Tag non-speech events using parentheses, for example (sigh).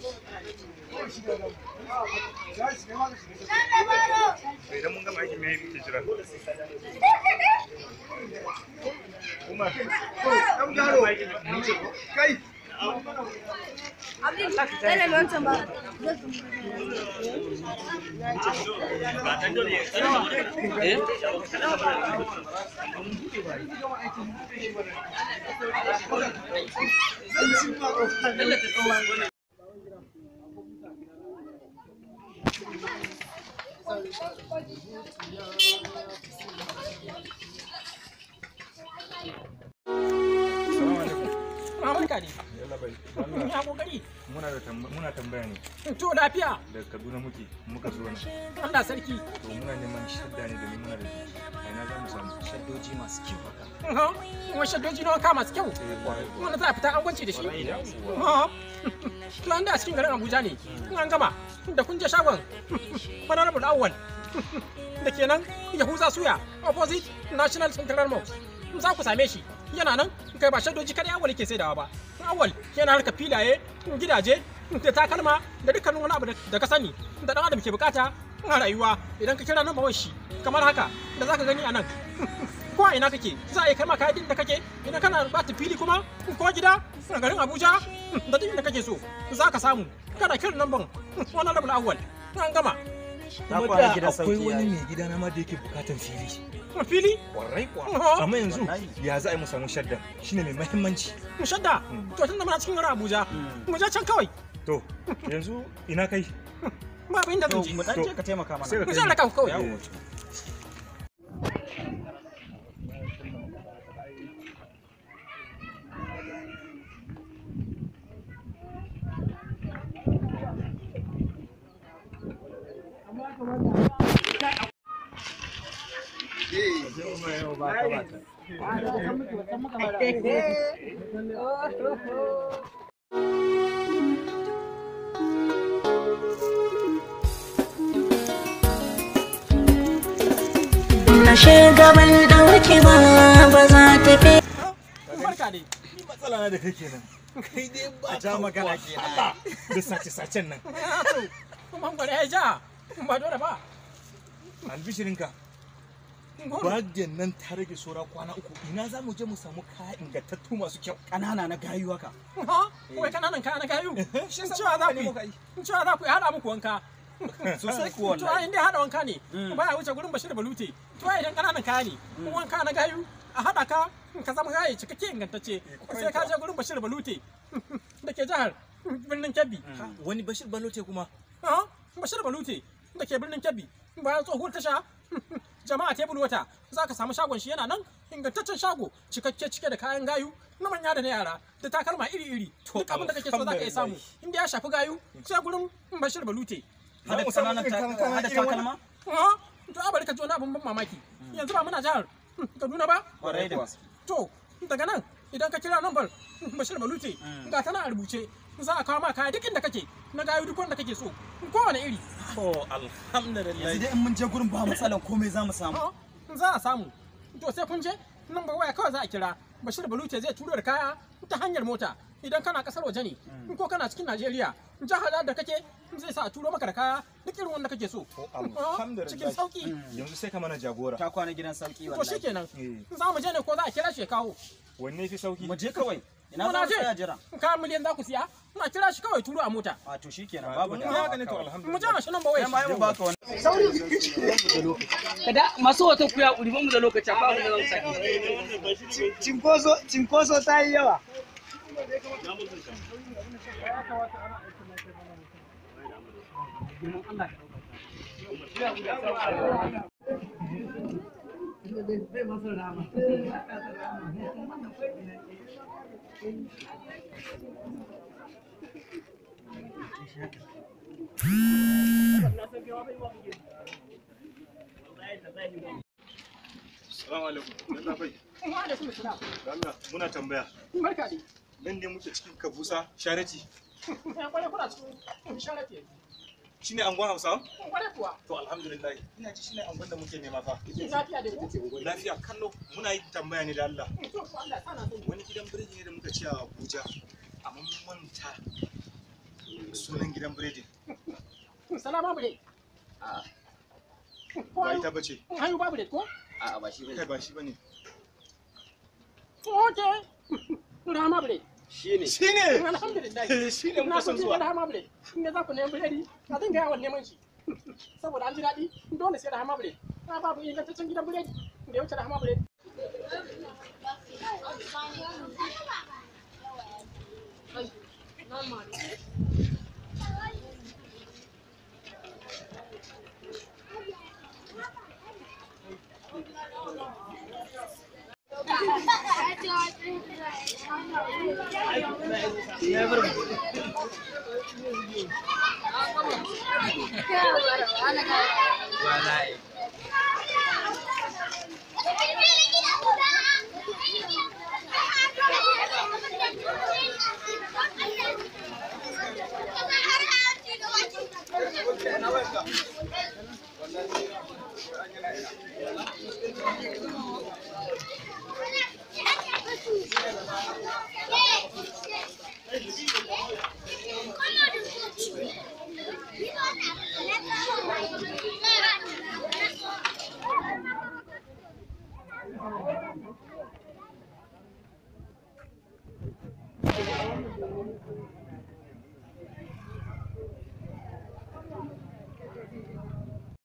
idan da gama aikin kuma ya Assalamu alaikum. ya kokari muna da muna tambaya ne to lafiya da Kaduna muke muka zo nan Allah sarki to muna neman shadda ne domin muna da ai na za mu samu shaddoji masu kyau haka kuma shaddoji na wanka masu kyau muna za a fita an gwance da shi (laughs) to an da cikin garin Abuja ne in an gama da kun je shagon (laughs) Honorable Awwal (laughs) da kenan Yahuza Suya opposite National Central Mosque za ku same shi yana nan kai ba shaddoji kada awal ke saidawa ba awal yana harka filaye gidaje da takalma da dukkanin wani abu da ka sani da dan adam ke bukata a rayuwa idan ka kira nan shi kamar haka da zaka gani a nan (laughs) ko a ina kake za a yi kama kayan da kake idan kana ba ta fili kuma ko gida a garin abuja (laughs) da duk da kake so za ka samu kana kira nan (laughs) ban wannan rabin awal an gama kuma da akwai wani mai gida na ma da yake bukatan fili kuma fili kwarai kwa amma yanzu ya za a yi mu samu shadda shine mai mahimmanci mu shadda hmm. to tunda muna cikin garin Abuja hmm. mu je can kawai to yanzu ina kai (laughs) ba abin da zan je mu dan je ka taimaka mana mu je kawai Na gaban ɗauki ba ba za ta fi. Barka matsala na da kake nan Kai dai ba magana ke Allah, sacen nan. Kuma (laughs) ya ja. ba dole ba albishirinka bagen nan ta rage sora kwana uku ina za mu je mu samu kaya ingantattu masu kyau ƙanana na gayu haka ha eh. wai kananan kaya na gayu eh. shi cewa za ku yi cewa za ku yi haɗa muku wanka (laughs) sosai kuwa to in dai haɗa wanka ne mm. ba ya wuce gurin bashir balute to dan kananan kaya ne mm. wanka na gayu a haɗa ka ka zama gaye cikakke ingantacce eh, sai ka je gurin bashir balute (laughs) da ke jihar birnin kebbi wani bashir balute kuma bashir balute da ke birnin Kebbi bayan tsohuwar tasha (laughs) jama'a tebul wata za ka samu shagon shi yana nan ingantaccen shago cikakke cike da kayan gayu na manya da na yara da takalma iri-iri duk abin da kake so za ka iya samu inda ya shafi gayu sai gurin bashir balute hada takalma to abar ka ji wani abin ban mamaki hmm. yanzu ba muna jihar hmm, kaduna ba to daga nan idan ka kira nambar hmm, bashir balute ga tana a rubuce za a kawo ma kaya dukkan da kake na gayu duk wanda kake so ko wani iri to alhamdulillah yanzu dai mun je gurin ba matsalan komai za mu samu za a samu to sai kun je nan ba waya kawai za a kira bashir baluce zai turo da kaya ta hanyar mota idan kana kasar waje ne hmm. ko kana cikin najeriya jihar da kake zai sa a turo maka da kaya duk irin wanda kake so cikin sauki hmm, yanzu sai ka mana jagora ta kwana gidan sauki wallahi to shikenan eh. za mu je ne ko za a kira shi kawo wanne fi sauki mu je kawai Ina za ku tsaya jira? Ka miliyan za ku siya? Muna kira shi kawai turu a mota. A to shikenan babu da. Mun ne to alhamdulillah. Mu jira shi nan ba wai. Kai mai baka wannan. Sauri kada masu hoto ku ya kuri da lokacin ba mu da zan saki. Cinkoso cinkoso ta yi yawa. bai Salamu alaikum, muna tambaya. Barka Nan ne muke cikin kabusa, kuna cikin shine angon Hausa? To alhamdulillah ina ji shine angon da muke nema fa. Lafiya da ku? Lafiya kallo muna yi tambaya ne da Allah. Eh, Wani gidan biredi ne da muka ci a Abuja amma mun manta sunan gidan biredi. Salama bude. A'a. Ba ita bace. Hayu babu da ko? A'a ba shi bane. Kai ba shi bane. Okay. Rama bude. shine shine alhamdulillah eh, shine muka san zuwa rahama bule in da za ku neman biredi a dinga yawan neman shi saboda an ji daɗi dole sai rahama bule na babu ingantaccen gidan biredi da ya wuce rahama bule Thank you. Never. Wala eh.